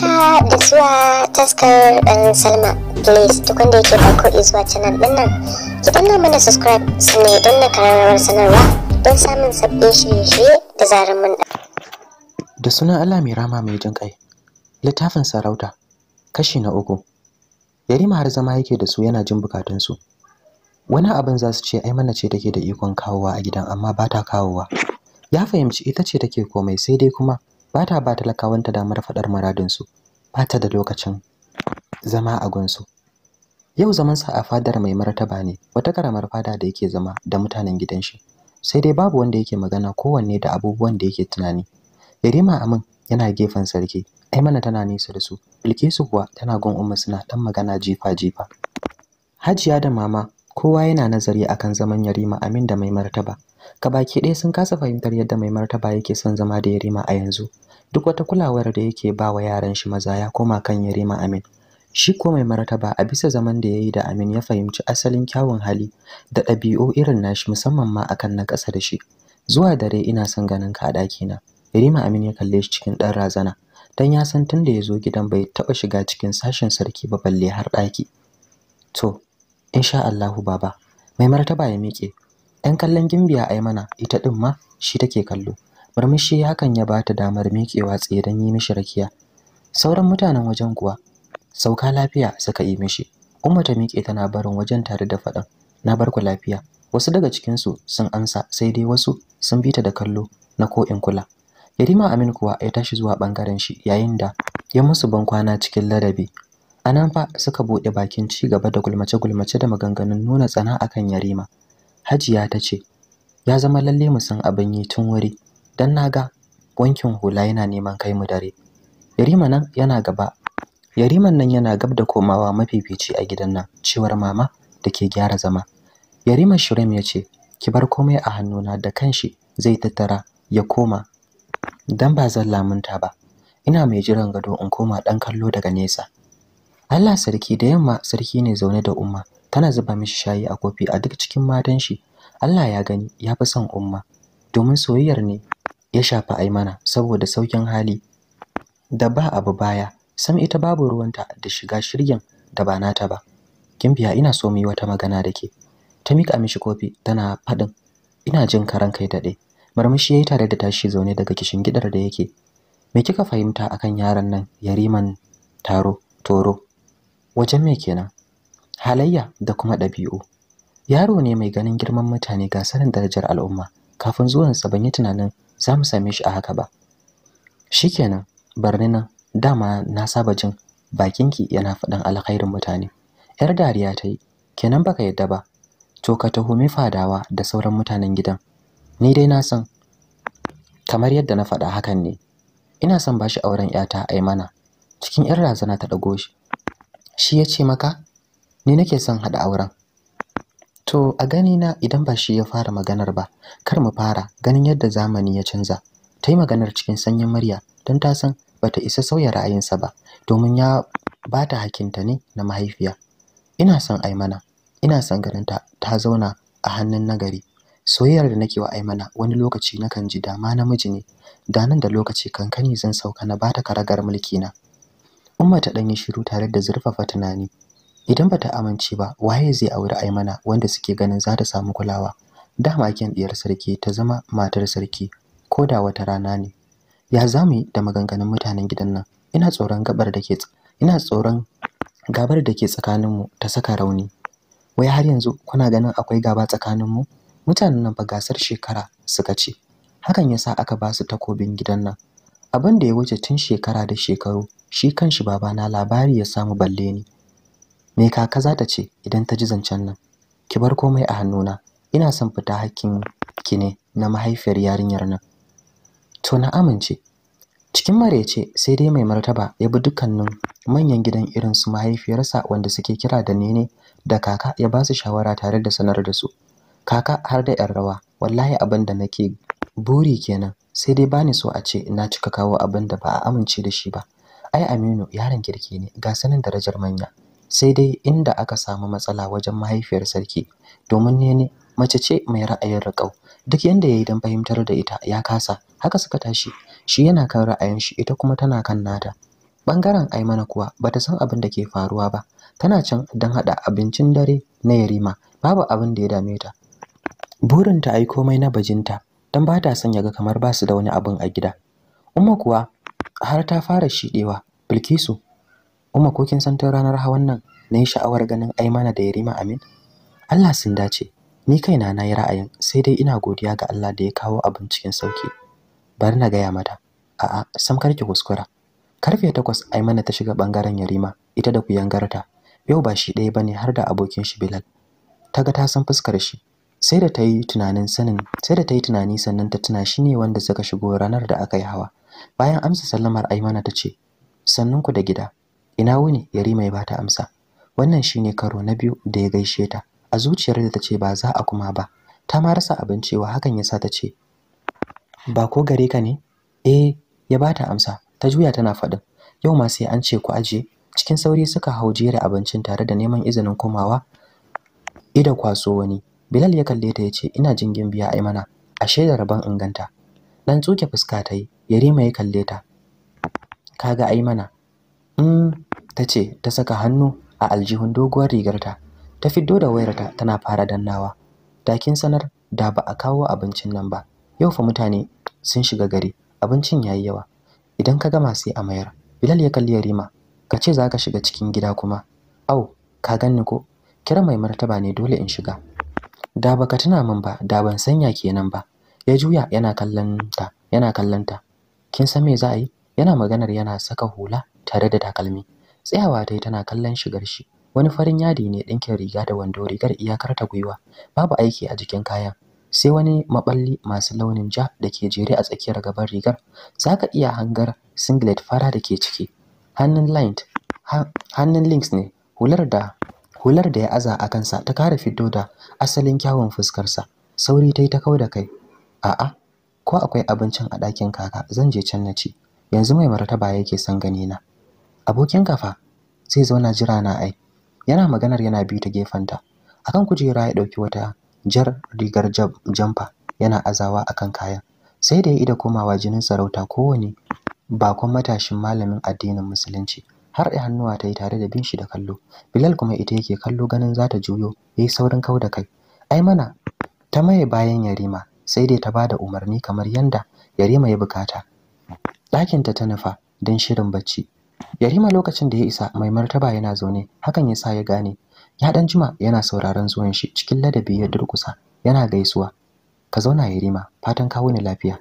haka ah, da zuwa taskar ɗan um, salma please duk wanda yake farko izuwa canal ɗin nan ki danna mana subscribe sannan don na kararrawar sanarwa don samun sabbin shirye-shirye da zarar mun da da sunan allah mai rama mai jin kai littafin sarauta kashi na uku yarima har zama yake da su yana jin bukatunsu wani abin za su ce ai mana ce take da ikon kawowa a gidan amma ba ta kawowa ya fahimci ita ce take komai sai dai kuma ba ta ba talakawanta damar faɗar maradinsu. ba ta da lokacin zama a gunsu yau zamansa a fadar mai martaba ne wata karamar fada da yake zama da mutanen gidan shi sai dai babu wanda yake magana kowanne da abubuwan da yake tunani yarima amin yana gefen sarki ai mana tana nesa da su bilkisu kuwa tana gun umma suna dan magana jifa jifa hajiya da mama kowa yana nazari akan zaman yarima amin da mai martaba Kabaki ɗaya sun kasa fahimtar yadda mai martaba yake son zama da Yarima a yanzu. Duk wata kulawar da yake ba wa yaran shi maza ya koma kan Yarima Amin. Shi ko mai martaba a bisa zaman da ya yi da Amin ya fahimci asalin kyawun hali da ɗabi'u irin nashi musamman ma akan na ƙasa da shi. Zuwa dare ina son ganin ka a ɗakina. Yarima Amin ya kalle shi cikin ɗan razana. Dan ya san tun da ya zo gidan bai taɓa shiga cikin sashen sarki ba balle har ɗaki. To, insha Allahu baba, mai martaba ya miƙe 'yan kallon gimbiya mana ita ɗin ma shi take kallo murmushi hakan ya bata damar miƙewa tsaye don yi mishi rakiya sauran mutanen wajen kuwa sauka lafiya suka yi mishi umma ta miƙe tana barin wajen tare da faɗan na bar ku lafiya wasu daga cikinsu sun amsa sai dai wasu sun bi ta da kallo na ko in kula yarima amin kuwa ya tashi zuwa ɓangaren shi yayin da ya musu ban kwana cikin ladabi a fa suka buɗe bakin ci gaba da gulmace-gulmace da maganganun nuna tsana akan yarima Hajiya ta ce, ya zama lalle mu san abin yi tun wuri, don na ga wankin hula yana neman kai mu dare. Yarima nan yana gaba. Yariman nan yana gab da komawa mafifici a gidan nan, cewar mama da ke gyara zama. Yarima shirim ya ce, ki bar komai a hannuna da kanshi zai tattara ya koma. Dan ba zan lamunta ba. Ina mai jiran gado in koma dan kallo daga nesa. Allah sarki da yamma sarki ne zaune da umma tana zuba mishi shayi a kofi a duk cikin matan shi Allah ya gani ya fi son umma domin soyayyar ne ya shafi Aimana saboda saukin hali da ba abu baya sam ita babu ruwanta da shiga shirgin da ba nata ba kimbiya ina so mu yi wata magana da ke ta mika mishi kofi tana faɗin ina jin karan kai daɗe marmishi yayi tare da tashi zaune daga kishin gidar da yake me kika fahimta akan yaran nan yariman taro toro wajen me kenan halayya da kuma ɗabi'u yaro ne mai ganin girman mutane ga sanin darajar al'umma kafin zuwan sa ban yi tunanin za mu same shi a haka ba shikenan barni nan dama na saba jin bakinki yana faɗan alkhairin mutane yar dariya ta yi kenan baka yadda ba to ka tuhumi fadawa da sauran mutanen gidan ni dai na san kamar yadda na faɗa hakan ne ina son bashi auren yata mana. cikin yar razana ta ɗago shi shi ya ce maka ni nake son haɗa auren To a gani na idan ba shi ya fara maganar ba, kar mu fara ganin yadda zamani ya canza. Ta yi maganar cikin sanyin murya don ta san ba ta isa sauya ra'ayinsa ba, domin ya bata hakinta ne na mahaifiya. Ina son Aimana, ina son ganin ta ta zauna a hannun nagari. Soyayyar da nake wa Aimana wani lokaci na kan ji dama namiji ne, da nan da lokaci kankani zan sauka na bata karagar mulki na. Umma ta ɗanyi shiru tare da zurfafa tunani. idan bata amince ba waye zai aure Aimana wanda suke ganin za ta samu kulawa dama kin diyar sarki ta zama matar sarki ko da wata rana ne ya zamu da maganganun mutanen gidan nan ina tsoron gabar da ke ina tsoron gabar da tsakanin mu ta saka rauni wai har yanzu kuna ganin akwai gaba tsakanin mu mutanen nan ba gasar shekara suka ce hakan yasa aka ba su takobin gidan nan abin da ya wuce tun shekara da shekaru shi kanshi babana labari ya samu balle ne. me kaka za ta ce idan ta ji zancen nan ki bar komai a hannuna ina son fita hakkin ki ne na mahaifiyar yarinyar nan to na amince cikin marece sai dai mai martaba ya bi dukkanin manyan gidan irin su mahaifiyarsa wanda suke kira da nene da kaka ya ba su shawara tare da sanar da su kaka har da yan rawa wallahi abin da nake buri kenan sai dai bani so a ce na cika kawo abin da ba a amince da shi ba ai Aminu yaron kirki ne ga sanin darajar manya sai dai inda aka samu matsala wajen mahaifiyar sarki domin ne mace ce mai ra'ayin riƙau duk yanda yi don fahimtar da ita ya kasa haka suka tashi shi yana kan ra'ayin shi ita kuma tana kan nata bangaren Aimana kuwa bata san abin da ke faruwa ba tana can don haɗa abincin dare na Yarima babu abin da ya dame ta burin ta ai komai na bajinta don ba ta son ya ga kamar ba su da wani abin a gida Umma kuwa har ta fara shiɗewa Bilkisu Umma ko kin san ta ranar hawan nan na yi sha'awar ganin Aimana da Yarima Amin? Allah sun dace. Ni kaina na yi ra'ayin sai dai ina godiya ga Allah da ya kawo abin cikin sauki. Bari na gaya mata. A'a, sam karki kuskura. Karfe takwas Aimana ta shiga bangaren Yarima, ita da ku yangarta. Yau ba shi ɗaya ba ne har da abokin shi Bilal. Ta ga ta san fuskar shi. Sai da ta yi tunanin sanin, sai da ta yi tunani sannan ta tuna shi ne wanda suka shigo ranar da aka yi hawa. Bayan amsa sallamar Aimana ta ce, ku da gida, ina wuni yarima ya bata amsa wannan shine karo na biyu da ya gaishe ta a zuciyar da tace ba za a kuma ba ta ma rasa abin cewa hakan yasa ce. ba ko gare ka ne eh ya bata amsa ta juya tana faɗin yau ma sai an ce ku aje cikin sauri suka hau jera abincin tare da neman izinin komawa ida kwaso wani bilal ya kalle ta yace ina jingin biya ai mana ashe da rabon inganta dan tsuke fuska ta yi yarima ya kalle ta kaga ai mana mm, ta ce ta saka hannu a aljihun doguwar rigarta ta fiddo da wayarta tana fara dannawa da kin sanar da ba a kawo abincin nan ba yau fa mutane sun shiga gari abincin yayi yawa idan ka gama sai a mayar bilal ya kalli yarima ka ce za ka shiga cikin gida kuma au ka ganni ko kira mai martaba ne dole in shiga da baka tuna min ba da ban sanya kenan ba ya juya yana kallon ta yana kallon ta kin san me za a yi yana maganar yana saka hula tare da takalmi tsayawa ta tana kallon shigar shi wani farin yadi ne ɗinkin riga da wando rigar iyakar ta gwiwa babu aiki a jikin kayan sai wani maballi masu launin ja da ke jere a tsakiyar gaban rigar za ka iya hangar singlet fara da ke ciki hannun hannun links ne hular da hular da ya aza a kansa ta kare fito da asalin kyawun fuskarsa sauri ta yi ta kau da kai a'a ko akwai abincin a ɗakin kaka zan je can na ci yanzu mai martaba yake son gani na abokin kafa zai zauna jira na ai yana maganar yana biyu ta ta akan kujera ya dauki wata jar rigar jamfa yana azawa akan kaya sai da ya ida komawa jinin sarauta kowane bakon matashin malamin addinin musulunci har da hannuwa ta yi tare da bin shi da kallo bilal kuma ita yake kallo ganin za ta juyo ya yi saurin kau da kai ai mana ta maye bayan yarima sai dai ta bada umarni kamar yanda yarima ya bukata ɗakinta ta nufa don shirin bacci yarima lokacin da ya isa mai martaba yana zaune hakan yasa ya gane ya dan jima yana sauraron zuwan shi cikin ladabi ya durkusa yana gaisuwa ka zauna yarima fatan kawo ni lafiya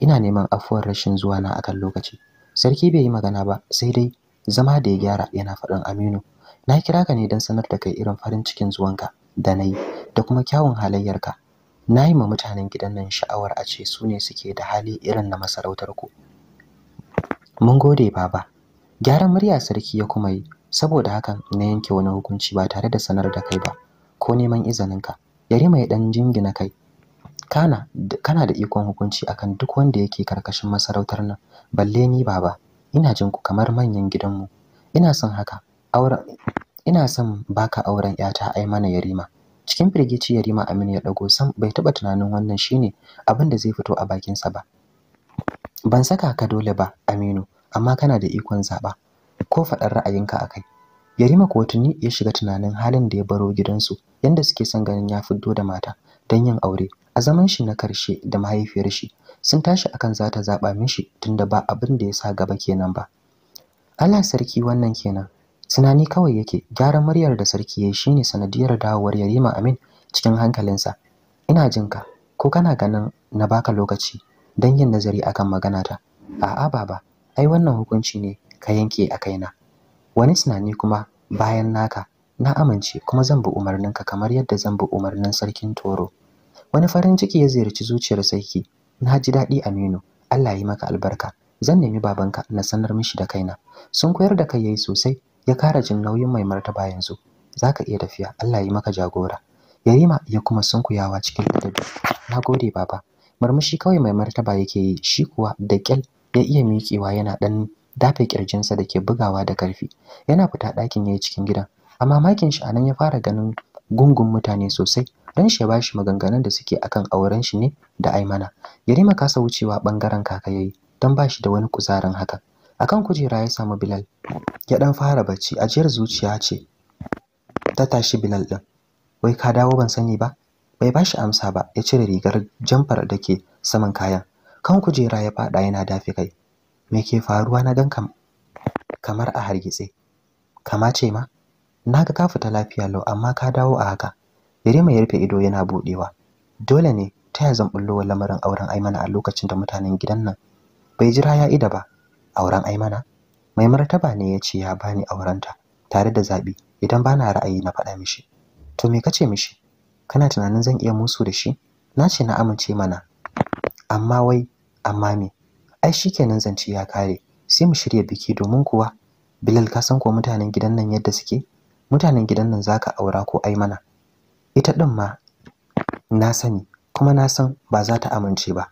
ina neman afuwar rashin zuwa na akan lokaci sarki bai yi magana ba sai dai zama da ya gyara yana faɗin aminu na kira ka ne don sanar da kai irin farin cikin zuwanka da na yi da kuma kyawun halayyarka na yi ma mutanen gidan nan sha'awar a ce su ne suke da hali irin na masarautar ku mun gode baba gyaran murya sarki ya kuma yi saboda haka na yanke wani hukunci ba tare da sanar da kai ba ko neman izininka yarima ya dan jingina kai kana kana da ikon hukunci akan duk wanda yake karkashin masarautar nan balle ni baba ina jin ku kamar manyan gidanmu ina son haka auren ina son baka auren yata ai mana yarima cikin firgici yarima Aminu ya dago sam bai taɓa tunanin wannan shine abin da zai fito a bakinsa ba ban saka ka dole ba Aminu amma kana da ikon zaɓa ko faɗar ra'ayinka a kai yarima ko tuni ya shiga tunanin halin da ya baro gidansu yanda suke son ganin ya fiddo da mata dan yin aure a zaman shi na karshe da mahaifiyar shi sun tashi akan zata ta zaɓa mishi tunda ba abin da ya sa gaba kenan ba Allah sarki wannan kenan tunani kawai yake gyaran muryar da sarki ya shine sanadiyar dawowar yarima amin cikin hankalinsa ina jin ka, ko kana ganin na baka lokaci don yin nazari akan maganata a'a baba ai wannan hukunci ne ka yanke a kaina wani tunani kuma bayan naka na amince kuma zan bi umarninka kamar yadda zan bi umarnin sarkin toro wani farin ciki ya ziyarci zuciyar sarki na ji daɗi aminu allah yi maka albarka zan nemi babanka na sanar mishi da kaina sun koyar da kai yayi sosai ya kara jin nauyin mai martaba yanzu Za ka iya tafiya allah yi maka jagora yarima ya kuma sunkuyawa cikin na gode, baba murmushi kawai mai martaba yake yi shi kuwa da kyal ya iya miƙewa yana ɗan dafe ƙirjinsa da ke bugawa da ƙarfi yana fita ɗakin ya yi cikin gidan a mamakin shi anan ya fara ganin gungun mutane sosai don shi ya bashi maganganun da suke akan auren shi ne da Aimana Yarima kasa wucewa ɓangaren kaka don ba shi da wani kuzarin haka akan kujera ya samu Bilal ya ɗan fara bacci ajiyar zuciya ce ta tashi Bilal ɗin. wai ka dawo ban sani ba bai ba shi amsa ba ya cire rigar jamfar da ke saman kayan kan kujera ya faɗa yana dafi kai me ke faruwa na ganka kamar a hargitse kama ce ma Na ka fita lafiya lau amma ka dawo a haka dare mai rufe ido yana budewa dole ne ta ya zan bullo lamarin auren Aimana a lokacin da mutanen gidan nan bai jira ya ida ba auren Aimana mai martaba ne ya ce ya bani aurenta tare da zaɓi, idan bana ra'ayi na faɗa mishi to me kace mishi kana tunanin zan iya musu da shi na ce na amince mana amma wai amma me ai shikenan zance ya kare sai mu shirya biki domin kuwa Bilal ka san ko mutanen gidan nan yadda suke mutanen gidan nan zaka aura ko ai mana ita din ma na sani kuma na san ba za ta amince ba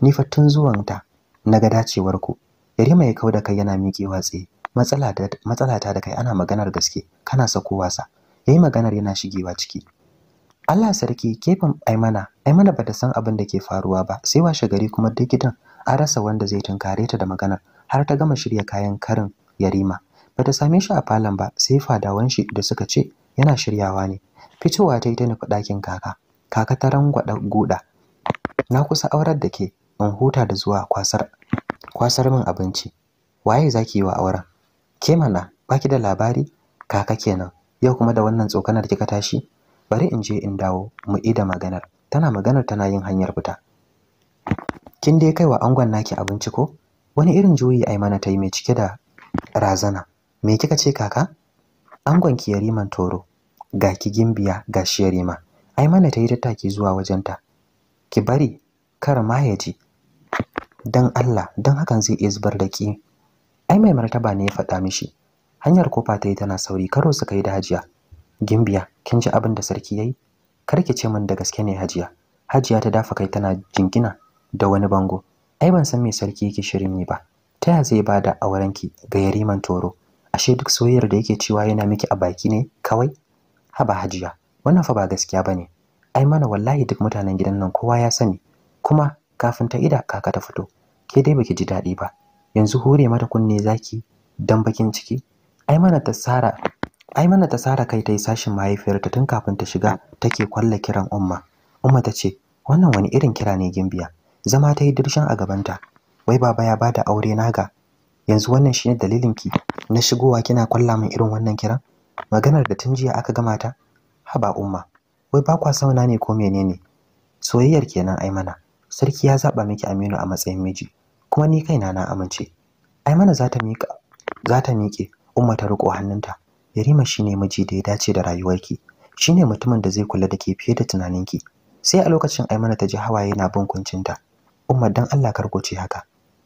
ni fa tun zuwanta na ga dacewar ku Yarima ya kauda kai yana miƙewa tsaye matsala ta da kai ana maganar gaske kana sako wasa yayi maganar yana shigewa ciki Allah sarki kefin Aimana Aimana bata san abin da ke faruwa ba sai washe gari kuma dikitan gidan an rasa wanda zai tunkare ta da magana har ta gama shirya kayan karin yarima bata same shi a falon ba sai fadawan shi da suka ce yana shiryawa ne fitowa ta yi ta nufi ɗakin kaka kaka ta rangwada guda na kusa aurar da ke in huta da zuwa kwasar kwasar min abinci waye zaki yi wa auren ke mana baki da labari kaka kenan yau kuma da wannan tsokanar kika tashi bari in je in dawo mu ida maganar tana maganar tana yin hanyar fita kin dai kaiwa angon naki abinci ko wani irin juyi ai mana ta mai cike da razana me kika ce kaka angon ki yariman toro ga ki gimbiya ga shi yarima ai mana ta taki zuwa wajen ta ki bari kar ma ya ji dan Allah dan hakan zai iya zubar da ki ai mai martaba ne ya faɗa mishi hanyar kofa ta yi tana sauri karo suka yi da hajiya Gimbiya, kin ji abin da sarki yayi? Kar ki ce min da gaske ne Hajiya. Hajiya ta dafa kai tana jingina da wani bango. Ai ban san me sarki yake shirin yi ba. Ta ya zai bada aurenki ga Yariman Toro? Ashe duk soyayyar da yake cewa yana miki a baki ne kawai? Haba Hajiya, wannan fa ba gaskiya bane. Ai mana wallahi duk mutanen gidan nan kowa ya sani. Kuma kafin ta ida kaka ta fito. Ke dai baki ji daɗi ba. Yanzu hore mata kunne zaki dan bakin ciki. Ai mana ta Sara Aimana ta sara kai ta yi sashin mahaifiyarta tun kafin ta shiga take kwalla kiran Umma. Umma ta ce, "Wannan wani irin kira ne Gimbiya?" Zama ta yi dirshan a gabanta. Wai baba ya bada aure na ga. Yanzu wannan shine dalilin ki na shigowa kina kwalla min irin wannan kiran? Maganar da tun jiya aka gama ta? Haba Umma, wai ba kwa sauna ne ko menene? Soyayyar kenan Aimana. Sarki ya zaba miki Aminu a matsayin miji, kuma ni kaina na amince. Aimana za za ta miƙe Umma ta riƙo hannunta. Yarima shine miji da ya dace da rayuwarki. Shine mutumin da zai kula da ke fiye da tunaninki. Sai a lokacin Aimana ta ji hawaye na bin kuncinta. Umma dan Allah karkoce haka.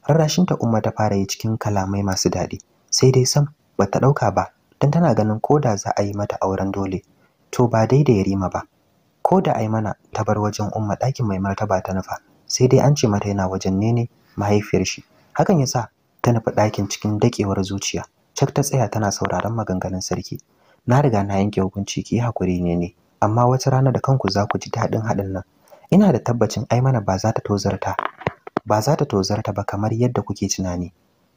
Rarrashinta Umma ta fara yi cikin kalamai masu daɗi. Sai dai sam bata ɗauka ba dan tana ganin koda za a yi mata auren dole to ba dai da Yarima ba. Koda Aimana ta bar wajen Umma ɗakin mai martaba ta nufa sai dai an ce mata yana wajen nene mahaifiyar shi. Hakan yasa ta nufi ɗakin cikin dakewar zuciya. cak ta tsaya tana sauraron maganganun sarki na riga na yanke hukunci ki hakuri ne ne amma wata rana da kanku za ku ji daɗin haɗin nan ina da tabbacin ai mana ba za ta tozarta ba za ta tozarta ba kamar yadda kuke tunani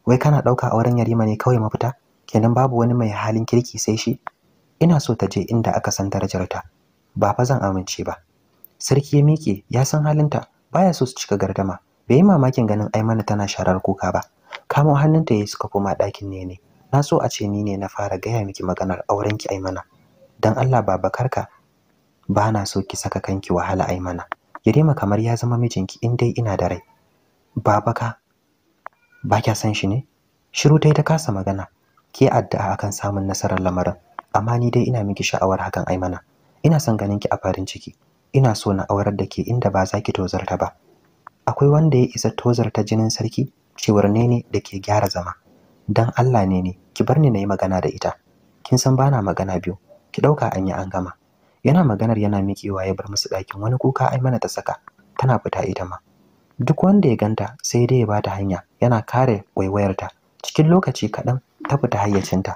wai kana ɗauka auren yarima ne kawai mafita kenan babu wani mai halin kirki sai shi ina so ta je inda aka san darajarta ba fa zan amince ba sarki ya miƙe ya san halinta baya so su cika gardama bai yi mamakin ganin ai mana tana sharar kuka ba kamo hannunta yayi suka koma ɗakin ne ne na so a ce ni ne na fara gaya miki maganar aurenki aimana don allah baba karka ba na so ki saka kanki wahala aimana yarima kamar ya zama mijinki in dai ina da rai baba ka ba kya san shi ne shiru dai ta kasa magana ke addu'a akan samun nasarar lamarin amma ni dai ina miki sha'awar hakan aimana ina son ganin ki a farin ciki ina so na aurar da ke inda ba za ki tozarta ba akwai wanda ya isa tozarta jinin sarki cewar ne da ke gyara zama dan Allah ne ne ki bar ni na yi magana da ita kin san bana magana biyu ki ɗauka an an gama yana maganar yana mikewa ya bar musu ɗakin wani kuka ai mana ta saka tana fita ita ma duk wanda ya ganta sai dai ya bata hanya yana kare waiwayarta cikin lokaci kaɗan ta fita hayyacinta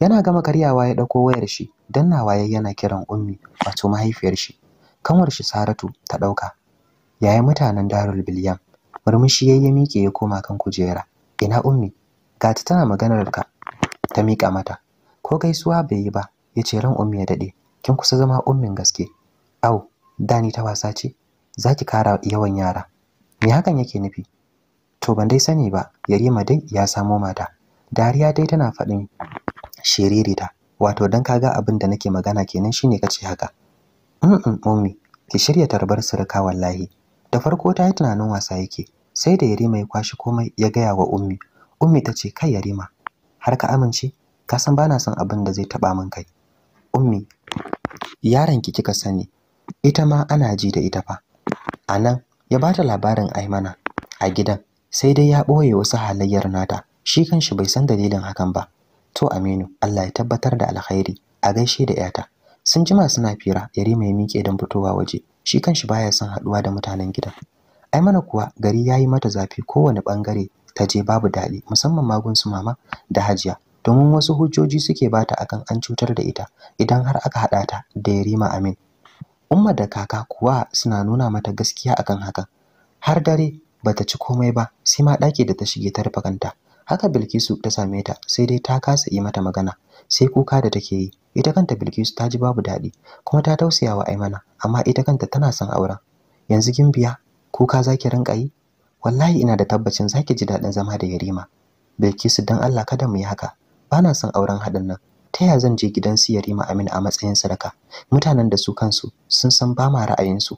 yana gama karyawa ya ɗauko wayar shi dannawa ya yana kiran ummi wato mahaifiyar shi kanwar shi saratu ta ɗauka yayi mutanen darul Bilyam murmushi yayi ya ya koma kan kujera ina ummi ga tana maganar ka ta mika mata ko gaisuwa bai yi ba ya ce ran ummi ya dade kin kusa zama ummin gaske au dani ta wasa ce zaki kara yawan yara me hakan yake nufi to ban dai sani ba yarima dai ya samo mata dariya dai tana faɗin shiririta wato dan kaga abin da nake magana kenan shine kace haka mm ummi ki shirya tarbar sirka wallahi da farko ta yi tunanin wasa yake sai da yarima ya kwashi komai ya gaya wa ummi ummi ta ce kai yarima har ka amince ka san bana son abin da zai taba min kai ummi yaron ki kika sani ita ma ana ji da ita fa anan ya bata labarin aimana a gidan sai dai ya boye wasu halayyar nata shi kanshi bai san dalilin hakan ba to aminu Allah ya tabbatar da alkhairi a gaishe da yata sun jima suna fira yarima ya miƙe don fitowa waje shi kanshi baya son haduwa da mutanen gidan aimana kuwa gari yayi mata zafi kowane bangare ta je babu daɗi musamman magun su mama da hajiya domin wasu hujjoji suke bata akan an cutar da ita idan har aka haɗa ta da yarima amin umma da kaka kuwa suna nuna mata gaskiya akan hakan har dare bata ci komai ba sai ma ɗaki da ta shige ta rufe kanta haka bilkisu ta same ta sai dai ta kasa yi mata magana sai kuka da take yi ita kanta bilkisu ta ji babu daɗi kuma ta tausayawa wa aimana amma ita kanta tana son auren yanzu gimbiya kuka zaki rinka yi wallahi ina da tabbacin zaki ji dadin zama da yarima bilkisu dan allah kada mu yi haka na son auren haɗin nan ta ya zan je gidan su yarima amin a matsayin sadaka mutanen da su kansu sun san ba ma ra'ayinsu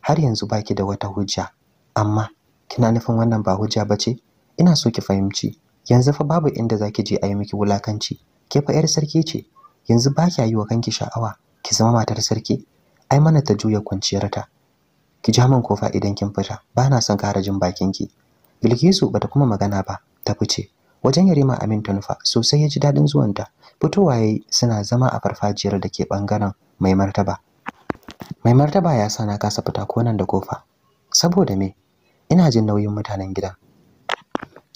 har yanzu baki da wata hujja amma kina nufin wannan ba hujja ba ce ina so ki fahimci yanzu fa babu inda zaki je a yi miki wulakanci ke fa yar sarki ce yanzu ba kya yi wa kanki sha'awa ki zama matar sarki ai mana ta juya kwanciyarta ki ja min kofa idan kin fita bana son ƙara jin bakin ki Bilkisu bata kuma magana ba ta fice wajen Yarima Amin ta nufa sosai ya ji dadin ta fitowa yayi suna zama a farfajiyar da ke bangaren mai martaba mai martaba ya sa kasa fita ko nan da kofa saboda me ina jin nauyin mutanen gida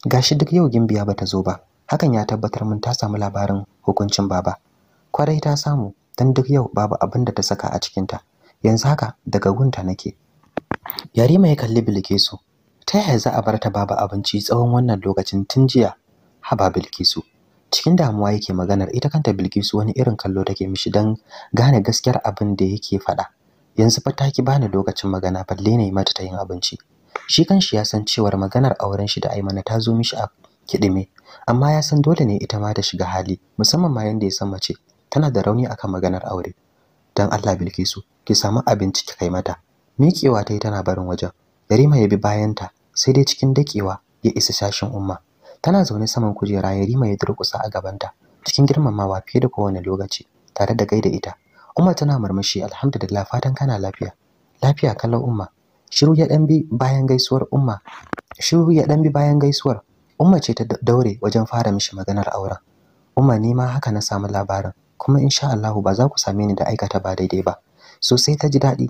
gashi duk yau gimbiya bata zo ba hakan ya tabbatar mun ta samu labarin hukuncin baba kwarai ta samu dan duk yau babu abin da ta saka a cikinta yanzu haka daga gunta nake Yarima ya kalli Bilkisu. Ta yaya za a bar ta babu abinci tsawon wannan lokacin tun jiya? Haba Bilkisu. Cikin damuwa yake maganar ita kanta Bilkisu wani irin kallo take mishi dan gane gaskiyar abin da yake faɗa. Yanzu fa ta ki bani lokacin magana balle ne mata ta yin abinci. Shi kanshi ya san cewar maganar auren shi da Aimana ta zo mishi a kiɗime, amma ya san dole ne ita ma ta shiga hali, musamman ma yanda ya san mace tana da rauni akan maganar aure. Don Allah Bilkisu, ki samu abinci ki kai mata. miƙewa ta yi tana barin wajen yarima ya bi bayanta sai dai cikin daƙewa ya isa sashin umma tana zaune saman kujera yarima ya durƙusa a gabanta cikin girmamawa fiye da kowane lokaci tare da gaida ita umma tana murmushi alhamdulillah fatan kana lafiya lafiya kallon umma shiru ya dan bi bayan gaisuwar umma shiru ya dan bi bayan gaisuwar umma ce ta daure wajen fara mishi maganar auren umma ni ma haka na samu labarin kuma insha Allah ba za ku same ni da aikata ba daidai ba Sosai ta ji daɗi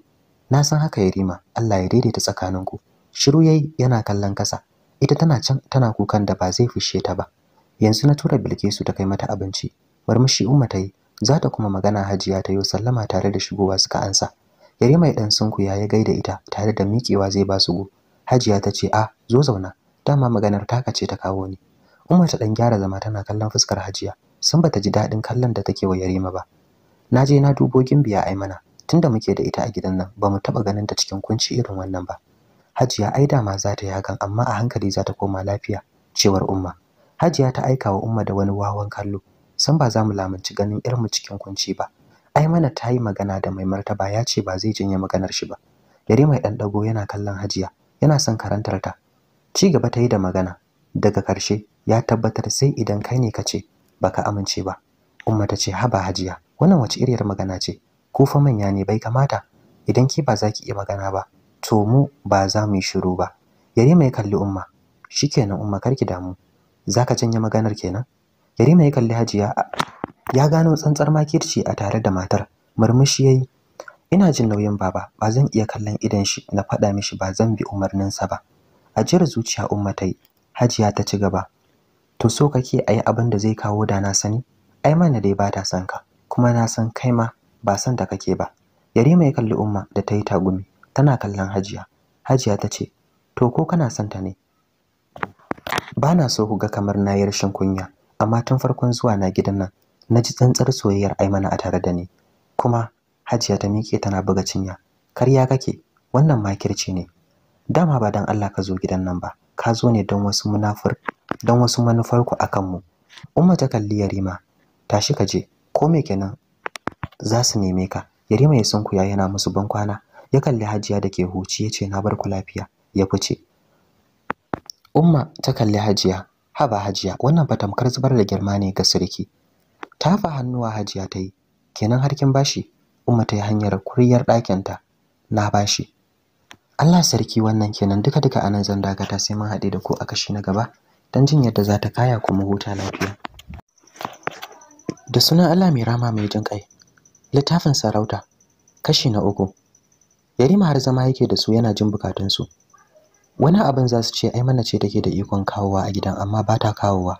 na san haka yarima Allah ya daidaita tsakaninku shiru yayi yana kallon kasa ita tana can tana kukan da ba zai fushe ta ba yanzu na tura Bilkisu ta kai mata abinci Marmashi umma ta yi za ta kuma magana Hajiya ta yi sallama tare da shigowa suka ansa yarima ya dan sunku ya gaida ita tare da miƙewa zai ba su go Hajiya ta ce a ah, zo zauna dama maganar taka ce ta kawo ni Umma ta dan gyara zama tana kallon fuskar Hajiya sun bata ji daɗin kallon da take wa Yarima ba Na je na dubo gimbiya ai mana tunda muke da ita a gidan nan ba mu taɓa ganin ta cikin kunci irin wannan ba hajiya ai da ma za ta yi hakan amma a hankali za ta koma lafiya cewar umma hajiya ta aika wa umma da wani wawan kallo san ba za mu lamunci ganin mu cikin kunci ba ai mana ta yi magana da mai martaba ya ce ba zai jinya maganar shi ba yare mai ɗan ɗago yana kallon hajiya yana son karantar ta ci gaba ta yi da magana daga karshe ya tabbatar sai idan kai ne ka ce baka amince ba umma ta ce haba hajiya wannan wace iriyar magana ce ko fa manya ne bai kamata idan ki ba za ki iya magana ba to mu ba za mu yi shiru ba yarima ya kalli umma shikenan umma kar ki damu za ka janye maganar kenan yarima ya kalli hajiya ya gano tsantsar makirci a tare da matar murmushi yayi ina jin nauyin baba ba zan iya kallon idan shi na faɗa mishi ba zan bi umarninsa ba A ajiyar zuciya umma ta yi hajiya ta ci gaba to so kake a yi abin da zai kawo da na sani ai mana dai ba ta san ka kuma na san kai ma ba san ta kake ba yarima ya kalli umma da ta yi tagumi tana kallon hajiya hajiya ta ce to ko kana son ta ne ba na so ku ga kamar na yi rashin kunya amma tun farkon zuwa na gidan nan na ji tsantsar soyayyar mana a tare da ni kuma hajiya ta miƙe tana buga cinya karya kake wannan makirci ne dama ba dan allah ka zo gidan nan ba ka zo ne don wasu munafur don wasu manufarku akan mu umma ta kalli yarima tashi ka je ko me kenan za su neme ka yarima ya sunkuya yana musu kwana, ya kalli hajiya da ke huci ya ce na barku lafiya ya fice umma ta kalli hajiya haba hajiya wannan fatamkar zubar da girma ne ga sirki tafa hannuwa hajiya ta yi kenan harkin bashi umma ta yi hanyar kuryar ɗakinta na bashi Allah sarki wannan kenan duka duka anan zan dakata sai mun haɗe da ku a kashi na gaba dan jin yadda za ta kaya kuma huta lafiya da sunan Allah mai rama mai jin kai littafin sarauta kashi na uku yarima har zama yake da su yana jin bukatunsu wani abin za su ce ai mana ce take da ikon kawowa a gidan amma ba ta kawowa